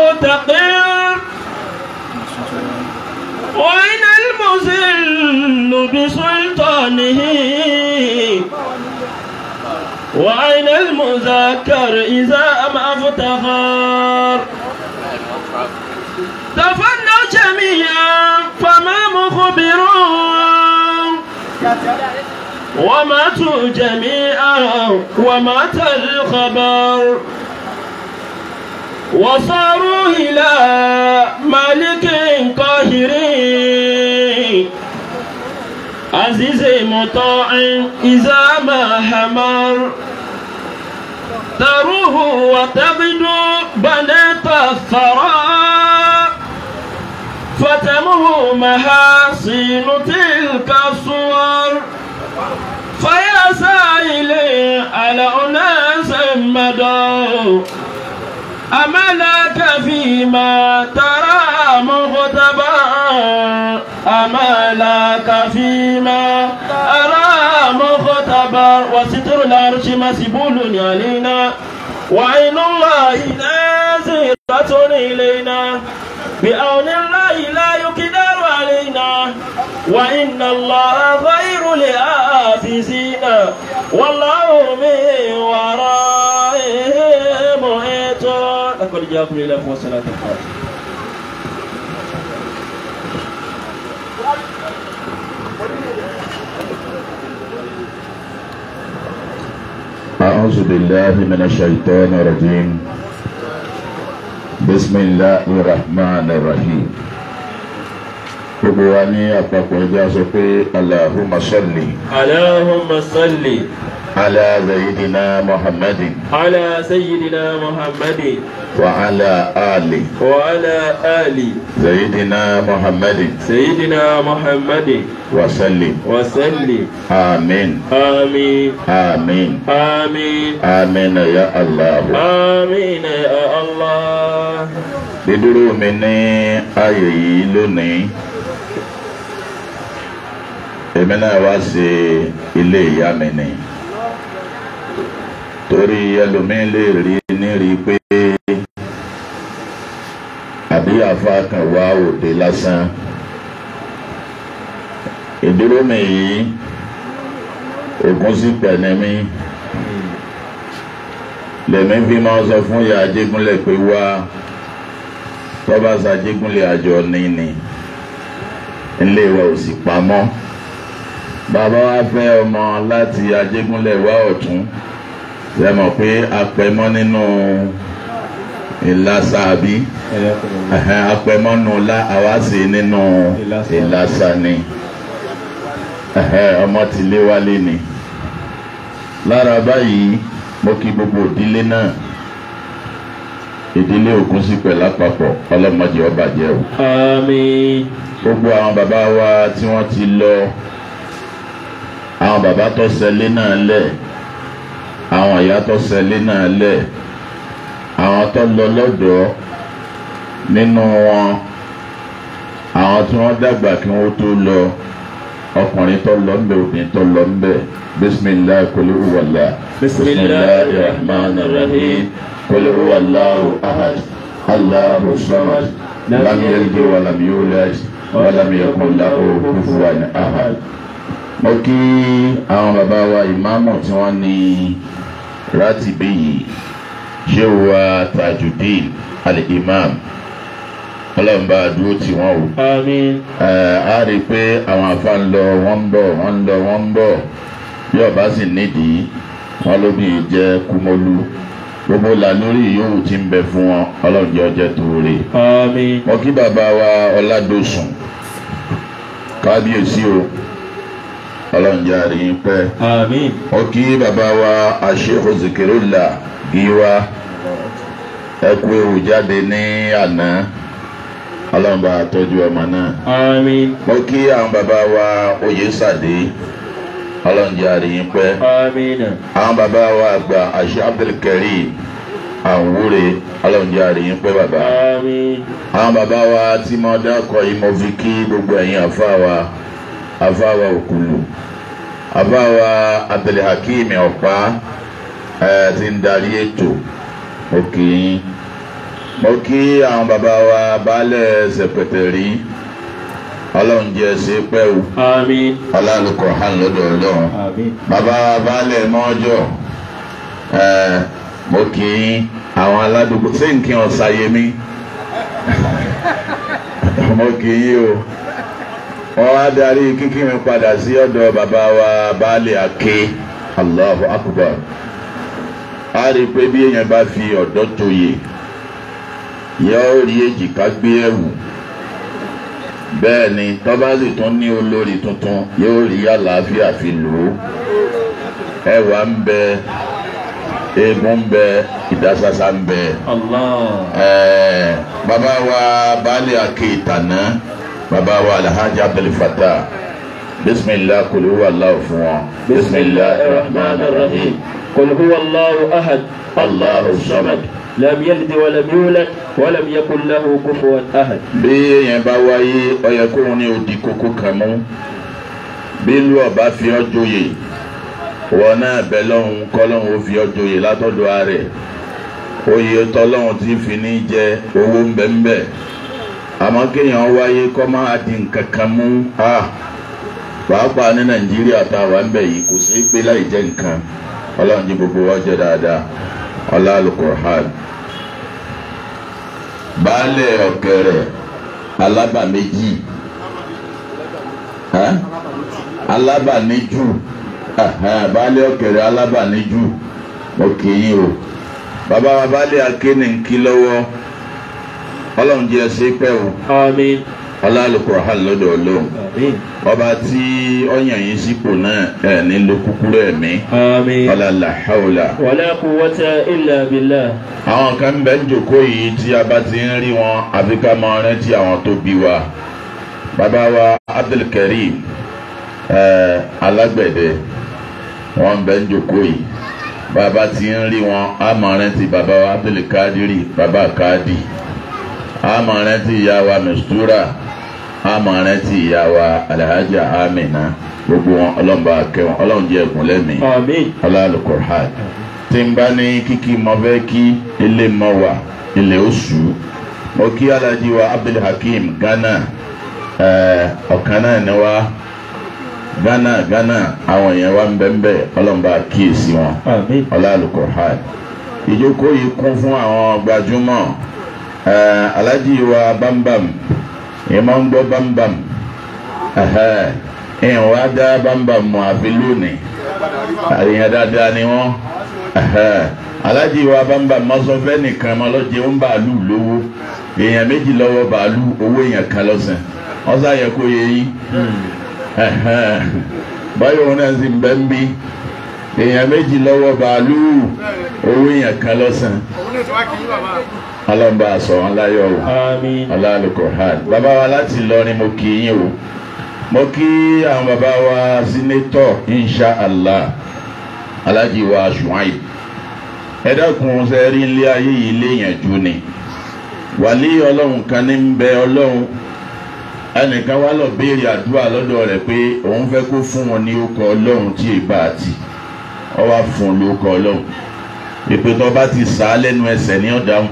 المعتقل وأين المذل بسلطانه وأين المذكر إذا ما افتخر تفنوا جميعا فما مخبرون وماتوا جميعا ومات الخبر وصاروا إلى ملك قاهر عزيز مطاع إذا ما حمر تروه وتبدو بنات الثراء فتمه محاصيل تلك الصور فيا سائل على أناس مدار أملك فيما ترى مغتبا أملك فيما أرى مغتبا وستر العرش مسبول علينا وعين الله نازلة إلينا بعون الله لا يقدر علينا وإن الله غير لآفزين والله وإياكم إلى قوة صلاة أعوذ بالله من الشيطان الرجيم بسم الله الرحمن الرحيم كبواني wa ní اللهم صلي اللهم صلي على سيدنا محمد على سيدنا محمد وعلى آل وعلى آل سيدنا محمد سيدنا محمد وسلم وسلم آمين آمين آمين آمين آمين يا الله آمين يا الله dídúró مني ní لني yìí lónìí èmi náà wá torí ẹlòmíín lè rí nírí pé àbí àfa kan wá òde lásán ìdúró mi yìí ògùn sí pẹ̀lẹ́ mi lèmi fi máa ń sọ fún ìyá Ajégúnlẹ̀ pé wá tọ́ba ṣàjégúnlẹ̀ àjọ nìní ilé wa ò sì pamọ́ bàbá wa fẹ́ ọmọ láti Ajégúnlẹ̀ wá ọ̀tún ṣe mọ̀ pé apẹ̀mọ́ nínú ìlà sàbí apẹ̀mọ́ nù la àwa sì nínú ìlà sani ọmọ ti lé wálé ni lára báyìí mo kí gbogbo ìdílé náà ìdílé ògún sí pẹ̀lú àpapọ̀ ọlọ́mọdé ọba jẹ́ o. àmín. gbogbo àwọn bàbá wa tí wọ́n ti lọ àwọn bàbá tó ṣẹlẹ̀ náà lẹ̀ àwọn ìyá tó ṣẹlẹ̀ náà lẹ̀ àwọn tó lọ lọ́dọ̀ọ́ nínú wọn àwọn tí wọ́n dàgbà kí wọ́n tó lọ ọkùnrin tó lọ ń bẹ obìnrin tó lọ ń bẹ bisimilahi kulu wala bisimilahi rahman rahim kulu wala ahad allahu samad lam yalidi walam yulad walam yakun ahad mo kí àwọn bàbá wa ìmáàmù tí wọ́n ní ratibi shehu wa tajudeen al-imam ọlọ́run bá dúró tì wọ́n o. àmín. ẹ á rí i pé àwọn afa ń lọ wọ́n ń bọ̀ wọ́n ń lọ wọ́n ń bọ̀ bí ọba sì nídìí wọn ló bí jẹ kúmọlú gbogbo là lórí yòówù tí ń bẹ fún wọn ọlọ́run jẹ́ tóore. àmín. mo kí bàbá wa ọládòsùn kábíyèsí o ọlọ́run jẹ́ àríyìn pẹ́. ó kí bàbá wa àṣehò zikirula gíwá ẹ kú ewu jáde ní àná ọlọ́run bá tọ́jú ọmọ náà. ó kí àwọn bàbá wa oyè sàdé ọlọ́run jẹ́ àríyìn pẹ́. àwọn bàbá wa àgbà àṣe abdulkareem àwúre ọlọ́run jẹ́ àríyìn pẹ́ bàbá. àwọn bàbá wa tí mo dákọ̀ yìí mo fi kí gbogbo ẹ̀yin àfa wa afáwa òkùlù afáwa abdulhakeem ọ̀pá ẹ̀ eh, ti ń darí ètò òkè mo kí àwọn bàbá wa baálẹ̀ sẹ̀pẹ̀tẹ̀rí ọlọ́run jẹ́ ṣe pẹ́ o àmín ọlọ́lùkọ̀ hàn lọ́dọ̀ ọlọ́run àmín bàbá wa baálẹ̀ mọ́jọ́ ẹ̀ eh, mo kí àwọn aládùúgbò ṣé nǹkan ọ̀sàyẹmí mo kí yín o wọ́n wá darí kíkírin padà sí ọ̀dọ̀ bàbá wa baálé àké Allahu Akbar a rí i pé bí èèyàn bá fi ọ̀dọ́ toyè yóò rí èjìká gbé ẹ̀wù bẹ́ẹ̀ ni tọ́ba sì tún ní olórí tuntun yóò rí àlàáfíà fi lò ó ẹwà ń bẹ eegun ń bẹ ìdásásá ń bẹ. Allah. ẹ̀ẹ́ bàbá wa baálé àké ìtànà bàbá wa alhaji abdul fatah bisimilah kò lè wà láwù fún wọn. bisimilah rahman rahim. kò lè wà láwù ahad. allahu samad. لم يلد ولم يولد ولم يكن له كفوا احد. bí èèyàn bá wáyé ó yẹ kóun ní odi kókó kan mú bí ìlú ọba fi ọ́ joyè wọn náà bẹ lọ́hùn kọ́lọ́hùn ó fi ọ́ joyè látọ̀dọ̀ ààrẹ oyè tọ́lọ́hùn ti fi ní jẹ owó ńbẹ́ńbẹ́ àmọ́ kéèyàn wáyé kọ́ máa di nǹkan kan mú a pàápàá ní nàìjíríà tá a wà ń bẹ̀ yìí kò sí pé láì jẹ́ nǹkan ọlọ́run jí gbogbo wa jẹ́ dáadáa ọlá alukurhan baálẹ̀ ọ̀kẹ́rẹ́ alábàméjì alábàméjù baálẹ̀ ọ̀kẹ́rẹ́ alábàméjù mo kì í yín o bàbá wa baálẹ̀ akéne ń kí lọ́wọ́ ọlọ́run jẹ́ ṣe pẹ́ o. àmín. ọlọ́àlùkò hàn lọ́dọ̀ ọlọ́run. àmín. ọba tí ọyàn yìí sípò náà ẹ̀ nílò kúkúrú ẹ̀mí. àmín. ọlọ́lá haúlà. wala quwwata illa billah. àwọn kan bẹ ń jókòó yìí tí a bá ti ń rí wọn àfi ká máa rántí àwọn tó bí wa. bàbá wa Abdulkarim alágbẹ̀dẹ wọn bẹ ń jókòó yìí bàbá ti ń rí wọn á máa rántí bàbá wa Abdulkadiri bàbá Kadi. àmọ̀ rántí ìyá wa Mistura àmọ̀ rántí ìyá wa alhaji Amina gbogbo wọn ọlọ́mọba akẹ́wọn ọlọ́run jẹ́ lẹ́mí n bá ní kíkí fẹ́ kí ilé wà ilé oṣù mo kí wa Abdulhakeem Ghana ọ̀kan náà Ghana Ghana àwọn Eh, alhaji wa bambam ìyẹn bambam ìyẹn bambam mọ̀ àfi lónìí ni wọ́n alhaji bambam máa nìkan máa lọ bàálù lówó èèyàn méjì lọ́wọ́ bàálù owó èèyàn kan yẹ kó yẹ yí hmm. báyọ̀ wọn náà èèyàn méjì lọ́wọ́ bàálù owó èèyàn kan lọ́sàn. alọ́nba àṣọ ọ̀nláyọ̀ o ọ̀làlùkọ̀ ha bàbá wa láti Ìlọrin mo kì í yín o mo kí àwọn bàbá wa sínétọ̀ insha allah alájí wa Ṣùáìb ẹ dákun ṣe rí ilé ayé yìí léèyàn jù ni wàlí ọlọ́run kan ní ń bẹ ọlọ́run ẹnìkan wá lọ béèrè àdúrà lọ́dọ̀ rẹ̀ pé òun fẹ́ kó fún wọn ní orúkọ ọlọ́run tí èèbá àti ọ wá fún un lórúkọ ọlọ́run ìpè tó bá ti sá lẹ́nu ẹsẹ̀ ní ọ̀dáhùn